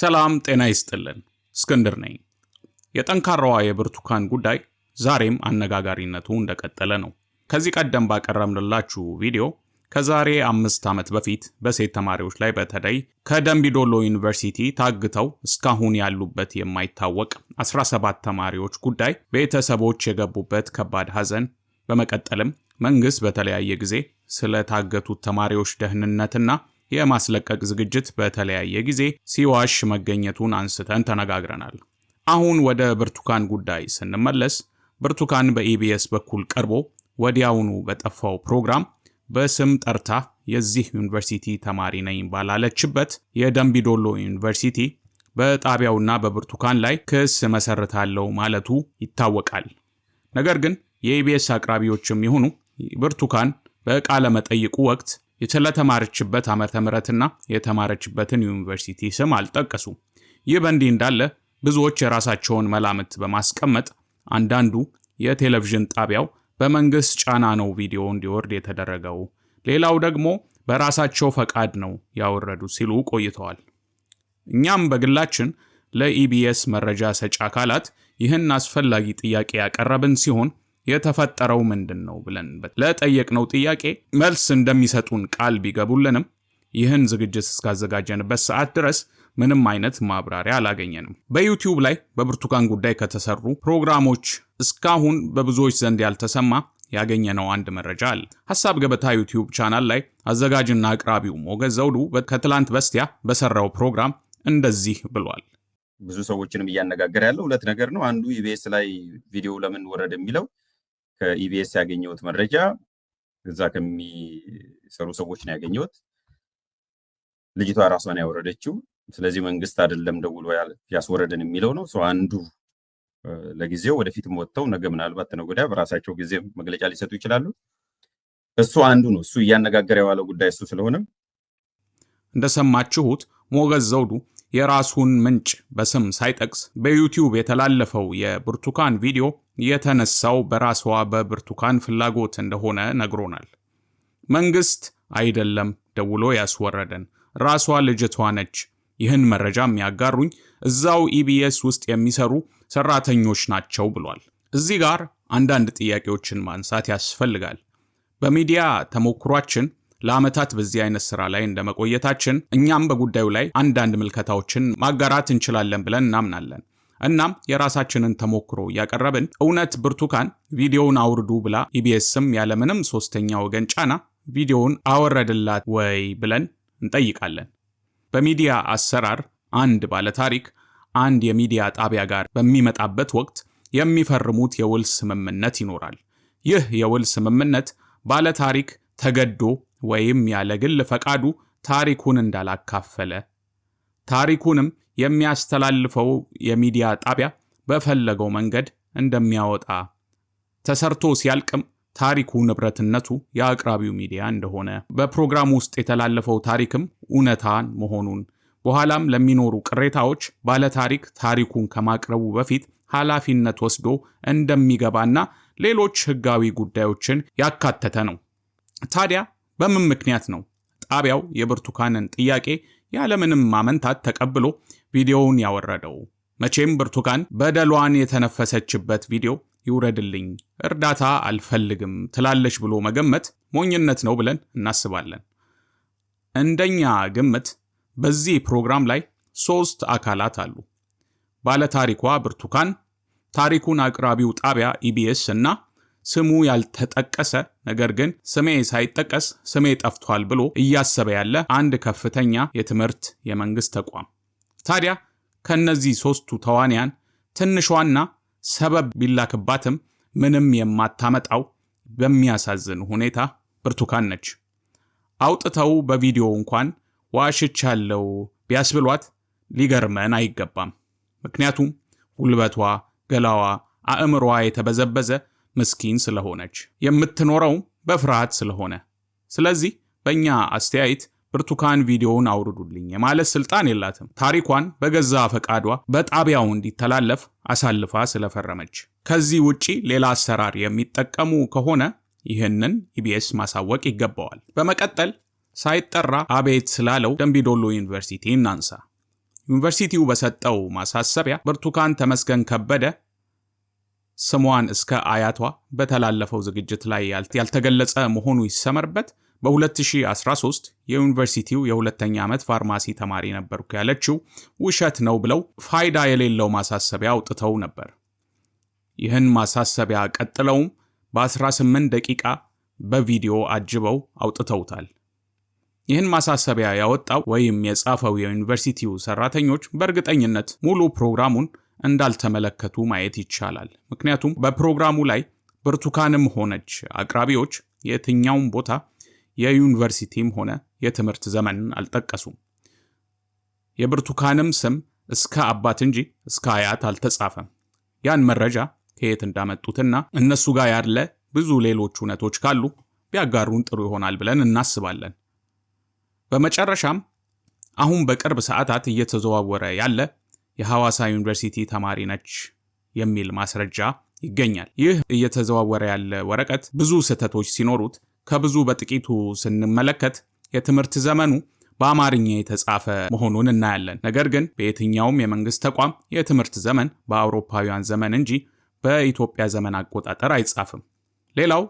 ሰላም ጤና ይስጥልን። እስክንድር ነኝ። የጠንካራዋ የብርቱካን ጉዳይ ዛሬም አነጋጋሪነቱ እንደቀጠለ ነው። ከዚህ ቀደም ባቀረብንላችሁ ቪዲዮ ከዛሬ አምስት ዓመት በፊት በሴት ተማሪዎች ላይ በተለይ ከደምቢዶሎ ዩኒቨርሲቲ ታግተው እስካሁን ያሉበት የማይታወቅ 17 ተማሪዎች ጉዳይ ቤተሰቦች የገቡበት ከባድ ሐዘን፣ በመቀጠልም መንግሥት በተለያየ ጊዜ ስለታገቱት ተማሪዎች ደህንነትና የማስለቀቅ ዝግጅት በተለያየ ጊዜ ሲዋሽ መገኘቱን አንስተን ተነጋግረናል። አሁን ወደ ብርቱካን ጉዳይ ስንመለስ ብርቱካን በኢቢኤስ በኩል ቀርቦ ወዲያውኑ በጠፋው ፕሮግራም በስም ጠርታ የዚህ ዩኒቨርሲቲ ተማሪ ነኝ ባላለችበት የደምቢዶሎ ዩኒቨርሲቲ በጣቢያውና በብርቱካን ላይ ክስ መሰርታለው ማለቱ ይታወቃል። ነገር ግን የኢቢኤስ አቅራቢዎችም ይሁኑ ብርቱካን በቃለ መጠይቁ ወቅት ስለተማረችበት ዓመተ ምሕረትና የተማረችበትን ዩኒቨርሲቲ ስም አልጠቀሱም። ይህ በእንዲህ እንዳለ ብዙዎች የራሳቸውን መላምት በማስቀመጥ አንዳንዱ የቴሌቪዥን ጣቢያው በመንግስት ጫና ነው ቪዲዮ እንዲወርድ የተደረገው፣ ሌላው ደግሞ በራሳቸው ፈቃድ ነው ያወረዱ ሲሉ ቆይተዋል። እኛም በግላችን ለኢቢኤስ መረጃ ሰጪ አካላት ይህን አስፈላጊ ጥያቄ ያቀረብን ሲሆን የተፈጠረው ምንድን ነው ብለን ለጠየቅነው ጥያቄ መልስ እንደሚሰጡን ቃል ቢገቡልንም ይህን ዝግጅት እስካዘጋጀንበት ሰዓት ድረስ ምንም አይነት ማብራሪያ አላገኘንም። በዩቲዩብ ላይ በብርቱካን ጉዳይ ከተሰሩ ፕሮግራሞች እስካሁን በብዙዎች ዘንድ ያልተሰማ ያገኘነው አንድ መረጃ አለ። ሀሳብ ገበታ ዩቲዩብ ቻናል ላይ አዘጋጅና አቅራቢው ሞገዝ ዘውዱ ከትላንት በስቲያ በሰራው ፕሮግራም እንደዚህ ብሏል። ብዙ ሰዎችንም እያነጋገረ ያለው ሁለት ነገር ነው። አንዱ ኢቢኤስ ላይ ቪዲዮ ለምን ወረድ የሚለው ከኢቢኤስ ያገኘሁት መረጃ እዛ ከሚሰሩ ሰዎች ነው ያገኘሁት። ልጅቷ ራሷን ያወረደችው። ስለዚህ መንግስት አይደለም ደውሎ ያስወረደን የሚለው ነው አንዱ ለጊዜው ወደፊትም ወጥተው ነገ ምናልባት ተነገ ወዲያ በራሳቸው ጊዜ መግለጫ ሊሰጡ ይችላሉ። እሱ አንዱ ነው። እሱ እያነጋገረ የዋለው ጉዳይ እሱ ስለሆነ እንደሰማችሁት ሞገዝ ዘውዱ የራሱን ምንጭ በስም ሳይጠቅስ በዩቲዩብ የተላለፈው የብርቱካን ቪዲዮ የተነሳው በራስዋ በብርቱካን ፍላጎት እንደሆነ ነግሮናል። መንግስት አይደለም ደውሎ ያስወረደን፣ ራሷ ልጅቷ ነች። ይህን መረጃ የሚያጋሩኝ እዛው ኢቢኤስ ውስጥ የሚሰሩ ሰራተኞች ናቸው ብሏል። እዚህ ጋር አንዳንድ ጥያቄዎችን ማንሳት ያስፈልጋል። በሚዲያ ተሞክሯችን ለዓመታት በዚህ አይነት ስራ ላይ እንደመቆየታችን እኛም በጉዳዩ ላይ አንዳንድ ምልከታዎችን ማጋራት እንችላለን ብለን እናምናለን። እናም የራሳችንን ተሞክሮ እያቀረብን እውነት ብርቱካን ቪዲዮውን አውርዱ ብላ ኢቢኤስም ያለምንም ሶስተኛ ወገን ጫና ቪዲዮውን አወረድላት ወይ ብለን እንጠይቃለን። በሚዲያ አሰራር አንድ ባለታሪክ አንድ የሚዲያ ጣቢያ ጋር በሚመጣበት ወቅት የሚፈርሙት የውል ስምምነት ይኖራል። ይህ የውል ስምምነት ባለታሪክ ተገዶ ወይም ያለ ግል ፈቃዱ ታሪኩን እንዳላካፈለ ታሪኩንም የሚያስተላልፈው የሚዲያ ጣቢያ በፈለገው መንገድ እንደሚያወጣ ተሰርቶ ሲያልቅም ታሪኩ ንብረትነቱ የአቅራቢው ሚዲያ እንደሆነ በፕሮግራም ውስጥ የተላለፈው ታሪክም እውነታን መሆኑን በኋላም ለሚኖሩ ቅሬታዎች ባለታሪክ ታሪኩን ከማቅረቡ በፊት ኃላፊነት ወስዶ እንደሚገባና ሌሎች ሕጋዊ ጉዳዮችን ያካተተ ነው። ታዲያ በምን ምክንያት ነው ጣቢያው የብርቱካንን ጥያቄ ያለምንም ማመንታት ተቀብሎ ቪዲዮውን ያወረደው። መቼም ብርቱካን በደሏን የተነፈሰችበት ቪዲዮ ይውረድልኝ፣ እርዳታ አልፈልግም ትላለች ብሎ መገመት ሞኝነት ነው ብለን እናስባለን። እንደኛ ግምት በዚህ ፕሮግራም ላይ ሶስት አካላት አሉ። ባለታሪኳ ብርቱካን፣ ታሪኩን አቅራቢው ጣቢያ ኢቢኤስ እና ስሙ ያልተጠቀሰ ነገር ግን ስሜ ሳይጠቀስ ስሜ ጠፍቷል ብሎ እያሰበ ያለ አንድ ከፍተኛ የትምህርት የመንግስት ተቋም። ታዲያ ከእነዚህ ሦስቱ ተዋንያን ትንሿና ሰበብ ቢላክባትም ምንም የማታመጣው በሚያሳዝን ሁኔታ ብርቱካን ነች። አውጥተው በቪዲዮ እንኳን ዋሽቻለው ቢያስብሏት ሊገርመን አይገባም። ምክንያቱም ጉልበቷ፣ ገላዋ፣ አእምሯ የተበዘበዘ ምስኪን ስለሆነች፣ የምትኖረው በፍርሃት ስለሆነ። ስለዚህ በእኛ አስተያየት ብርቱካን ቪዲዮውን አውርዱልኝ የማለት ስልጣን የላትም። ታሪኳን በገዛ ፈቃዷ በጣቢያው እንዲተላለፍ አሳልፋ ስለፈረመች። ከዚህ ውጪ ሌላ አሰራር የሚጠቀሙ ከሆነ ይህንን ኢቢኤስ ማሳወቅ ይገባዋል። በመቀጠል ሳይጠራ አቤት ስላለው ደምቢዶሎ ዩኒቨርሲቲ እናንሳ። ዩኒቨርሲቲው በሰጠው ማሳሰቢያ ብርቱካን ተመስገን ከበደ ስሟን እስከ አያቷ በተላለፈው ዝግጅት ላይ ያልተገለጸ መሆኑ ይሰመርበት። በ2013 የዩኒቨርሲቲው የሁለተኛ ዓመት ፋርማሲ ተማሪ ነበርኩ ያለችው ውሸት ነው ብለው ፋይዳ የሌለው ማሳሰቢያ አውጥተው ነበር። ይህን ማሳሰቢያ ቀጥለውም በ18 ደቂቃ በቪዲዮ አጅበው አውጥተውታል። ይህን ማሳሰቢያ ያወጣው ወይም የጻፈው የዩኒቨርሲቲው ሰራተኞች በእርግጠኝነት ሙሉ ፕሮግራሙን እንዳልተመለከቱ ማየት ይቻላል። ምክንያቱም በፕሮግራሙ ላይ ብርቱካንም ሆነች አቅራቢዎች የትኛውም ቦታ የዩኒቨርሲቲም ሆነ የትምህርት ዘመንን አልጠቀሱም። የብርቱካንም ስም እስከ አባት እንጂ እስከ አያት አልተጻፈም። ያን መረጃ ከየት እንዳመጡትና እነሱ ጋር ያለ ብዙ ሌሎች እውነቶች ካሉ ቢያጋሩን ጥሩ ይሆናል ብለን እናስባለን። በመጨረሻም አሁን በቅርብ ሰዓታት እየተዘዋወረ ያለ የሐዋሳ ዩኒቨርሲቲ ተማሪ ነች የሚል ማስረጃ ይገኛል። ይህ እየተዘዋወረ ያለ ወረቀት ብዙ ስህተቶች ሲኖሩት ከብዙ በጥቂቱ ስንመለከት የትምህርት ዘመኑ በአማርኛ የተጻፈ መሆኑን እናያለን። ነገር ግን በየትኛውም የመንግስት ተቋም የትምህርት ዘመን በአውሮፓውያን ዘመን እንጂ በኢትዮጵያ ዘመን አቆጣጠር አይጻፍም። ሌላው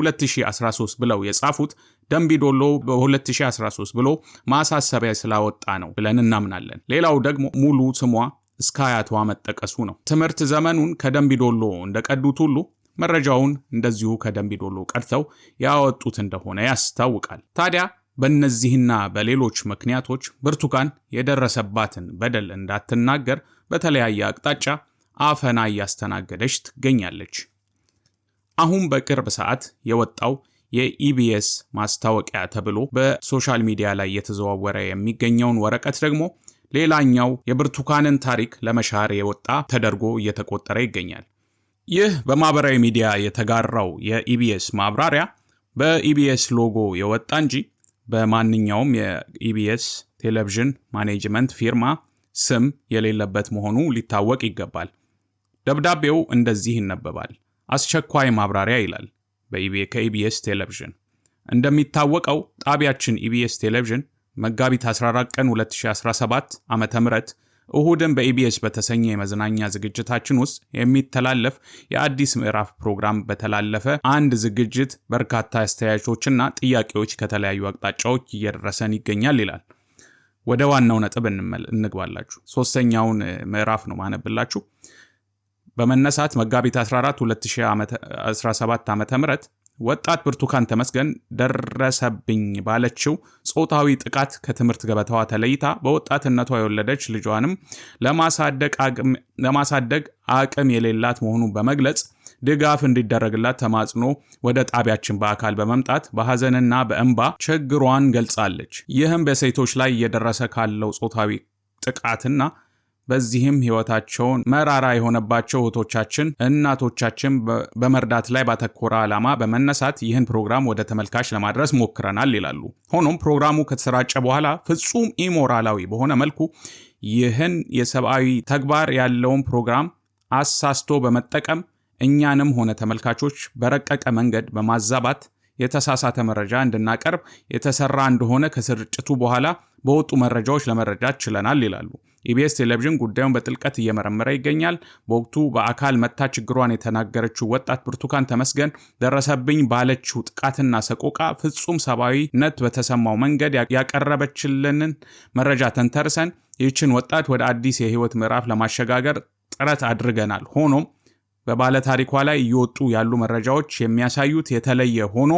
2013 ብለው የጻፉት ደምቢዶሎ በ2013 ብሎ ማሳሰቢያ ስላወጣ ነው ብለን እናምናለን። ሌላው ደግሞ ሙሉ ስሟ እስከ አያቷ መጠቀሱ ነው። ትምህርት ዘመኑን ከደምቢዶሎ እንደቀዱት ሁሉ መረጃውን እንደዚሁ ከደምቢዶሎ ቀድተው ያወጡት እንደሆነ ያስታውቃል። ታዲያ በእነዚህና በሌሎች ምክንያቶች ብርቱካን የደረሰባትን በደል እንዳትናገር በተለያየ አቅጣጫ አፈና እያስተናገደች ትገኛለች። አሁን በቅርብ ሰዓት የወጣው የኢቢኤስ ማስታወቂያ ተብሎ በሶሻል ሚዲያ ላይ እየተዘዋወረ የሚገኘውን ወረቀት ደግሞ ሌላኛው የብርቱካንን ታሪክ ለመሻር የወጣ ተደርጎ እየተቆጠረ ይገኛል። ይህ በማህበራዊ ሚዲያ የተጋራው የኢቢኤስ ማብራሪያ በኢቢኤስ ሎጎ የወጣ እንጂ በማንኛውም የኢቢኤስ ቴሌቪዥን ማኔጅመንት ፊርማ ስም የሌለበት መሆኑ ሊታወቅ ይገባል። ደብዳቤው እንደዚህ ይነበባል። አስቸኳይ ማብራሪያ ይላል። ከኢቢኤስ ቴሌቪዥን እንደሚታወቀው ጣቢያችን ኢቢኤስ ቴሌቪዥን መጋቢት 14 ቀን 2017 ዓ ም እሁድን በኢቢኤስ በተሰኘ የመዝናኛ ዝግጅታችን ውስጥ የሚተላለፍ የአዲስ ምዕራፍ ፕሮግራም በተላለፈ አንድ ዝግጅት በርካታ አስተያየቶችና ጥያቄዎች ከተለያዩ አቅጣጫዎች እየደረሰን ይገኛል ይላል። ወደ ዋናው ነጥብ እንግባላችሁ። ሶስተኛውን ምዕራፍ ነው ማነብላችሁ። በመነሳት መጋቢት 14 2017 ዓ ም ወጣት ብርቱካን ተመስገን ደረሰብኝ ባለችው ጾታዊ ጥቃት ከትምህርት ገበታዋ ተለይታ በወጣትነቷ የወለደች ልጇንም ለማሳደግ አቅም የሌላት መሆኑን በመግለጽ ድጋፍ እንዲደረግላት ተማጽኖ ወደ ጣቢያችን በአካል በመምጣት በሐዘንና በእንባ ችግሯን ገልጻለች። ይህም በሴቶች ላይ እየደረሰ ካለው ጾታዊ ጥቃትና በዚህም ህይወታቸውን መራራ የሆነባቸው እህቶቻችን፣ እናቶቻችን በመርዳት ላይ ባተኮረ ዓላማ በመነሳት ይህን ፕሮግራም ወደ ተመልካች ለማድረስ ሞክረናል ይላሉ። ሆኖም ፕሮግራሙ ከተሰራጨ በኋላ ፍጹም ኢሞራላዊ በሆነ መልኩ ይህን የሰብአዊ ተግባር ያለውን ፕሮግራም አሳስቶ በመጠቀም እኛንም ሆነ ተመልካቾች በረቀቀ መንገድ በማዛባት የተሳሳተ መረጃ እንድናቀርብ የተሰራ እንደሆነ ከስርጭቱ በኋላ በወጡ መረጃዎች ለመረዳት ችለናል ይላሉ። ኢቢኤስ ቴሌቪዥን ጉዳዩን በጥልቀት እየመረመረ ይገኛል። በወቅቱ በአካል መታ ችግሯን የተናገረችው ወጣት ብርቱካን ተመስገን ደረሰብኝ ባለችው ጥቃትና ሰቆቃ ፍጹም ሰብአዊነት በተሰማው መንገድ ያቀረበችልንን መረጃ ተንተርሰን ይህችን ወጣት ወደ አዲስ የህይወት ምዕራፍ ለማሸጋገር ጥረት አድርገናል። ሆኖም በባለታሪኳ ላይ እየወጡ ያሉ መረጃዎች የሚያሳዩት የተለየ ሆኖ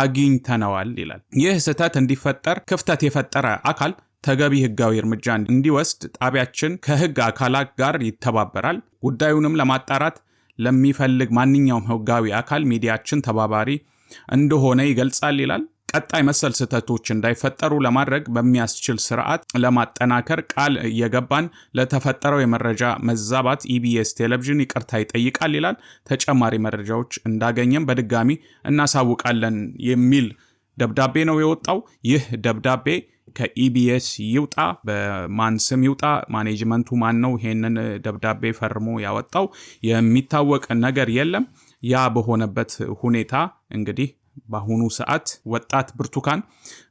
አግኝተነዋል ይላል። ይህ ስህተት እንዲፈጠር ክፍተት የፈጠረ አካል ተገቢ ህጋዊ እርምጃ እንዲወስድ ጣቢያችን ከህግ አካላት ጋር ይተባበራል። ጉዳዩንም ለማጣራት ለሚፈልግ ማንኛውም ህጋዊ አካል ሚዲያችን ተባባሪ እንደሆነ ይገልጻል ይላል። ቀጣይ መሰል ስህተቶች እንዳይፈጠሩ ለማድረግ በሚያስችል ስርዓት ለማጠናከር ቃል እየገባን ለተፈጠረው የመረጃ መዛባት ኢቢኤስ ቴሌቪዥን ይቅርታ ይጠይቃል ይላል። ተጨማሪ መረጃዎች እንዳገኘም በድጋሚ እናሳውቃለን የሚል ደብዳቤ ነው የወጣው። ይህ ደብዳቤ ከኢቢኤስ ይውጣ፣ በማን ስም ይውጣ፣ ማኔጅመንቱ ማን ነው ይሄንን ደብዳቤ ፈርሞ ያወጣው የሚታወቅ ነገር የለም። ያ በሆነበት ሁኔታ እንግዲህ በአሁኑ ሰዓት ወጣት ብርቱካን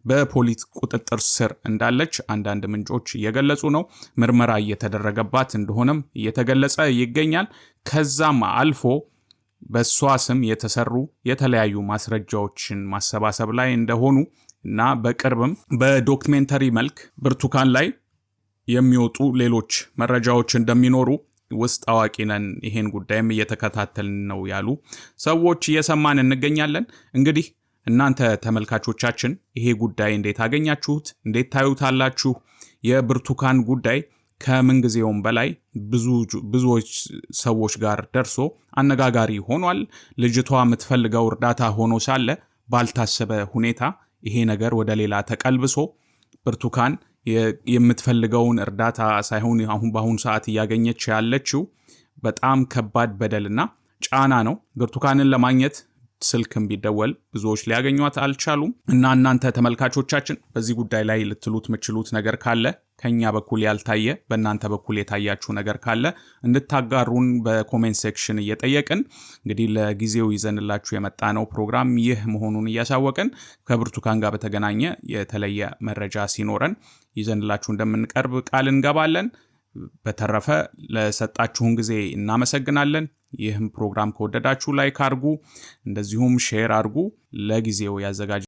በፖሊስ ቁጥጥር ስር እንዳለች አንዳንድ ምንጮች እየገለጹ ነው። ምርመራ እየተደረገባት እንደሆነም እየተገለጸ ይገኛል። ከዛም አልፎ በእሷ ስም የተሰሩ የተለያዩ ማስረጃዎችን ማሰባሰብ ላይ እንደሆኑ እና በቅርብም በዶክሜንተሪ መልክ ብርቱካን ላይ የሚወጡ ሌሎች መረጃዎች እንደሚኖሩ ውስጥ አዋቂ ነን፣ ይሄን ጉዳይም እየተከታተልን ነው ያሉ ሰዎች እየሰማን እንገኛለን። እንግዲህ እናንተ ተመልካቾቻችን ይሄ ጉዳይ እንዴት አገኛችሁት? እንዴት ታዩታላችሁ? የብርቱካን ጉዳይ ከምንጊዜውም በላይ ብዙዎች ሰዎች ጋር ደርሶ አነጋጋሪ ሆኗል። ልጅቷ የምትፈልገው እርዳታ ሆኖ ሳለ ባልታሰበ ሁኔታ ይሄ ነገር ወደ ሌላ ተቀልብሶ ብርቱካን የምትፈልገውን እርዳታ ሳይሆን አሁን በአሁኑ ሰዓት እያገኘች ያለችው በጣም ከባድ በደልና ጫና ነው። ብርቱካንን ለማግኘት ስልክም ቢደወል ብዙዎች ሊያገኟት አልቻሉም እና እናንተ ተመልካቾቻችን በዚህ ጉዳይ ላይ ልትሉት ምችሉት ነገር ካለ ከኛ በኩል ያልታየ በእናንተ በኩል የታያችሁ ነገር ካለ እንድታጋሩን በኮሜንት ሴክሽን እየጠየቅን እንግዲህ ለጊዜው ይዘንላችሁ የመጣ ነው ፕሮግራም ይህ መሆኑን እያሳወቅን ከብርቱካን ጋር በተገናኘ የተለየ መረጃ ሲኖረን ይዘንላችሁ እንደምንቀርብ ቃል እንገባለን። በተረፈ ለሰጣችሁን ጊዜ እናመሰግናለን። ይህም ፕሮግራም ከወደዳችሁ ላይክ አድርጉ፣ እንደዚሁም ሼር አድርጉ። ለጊዜው ያዘጋጅ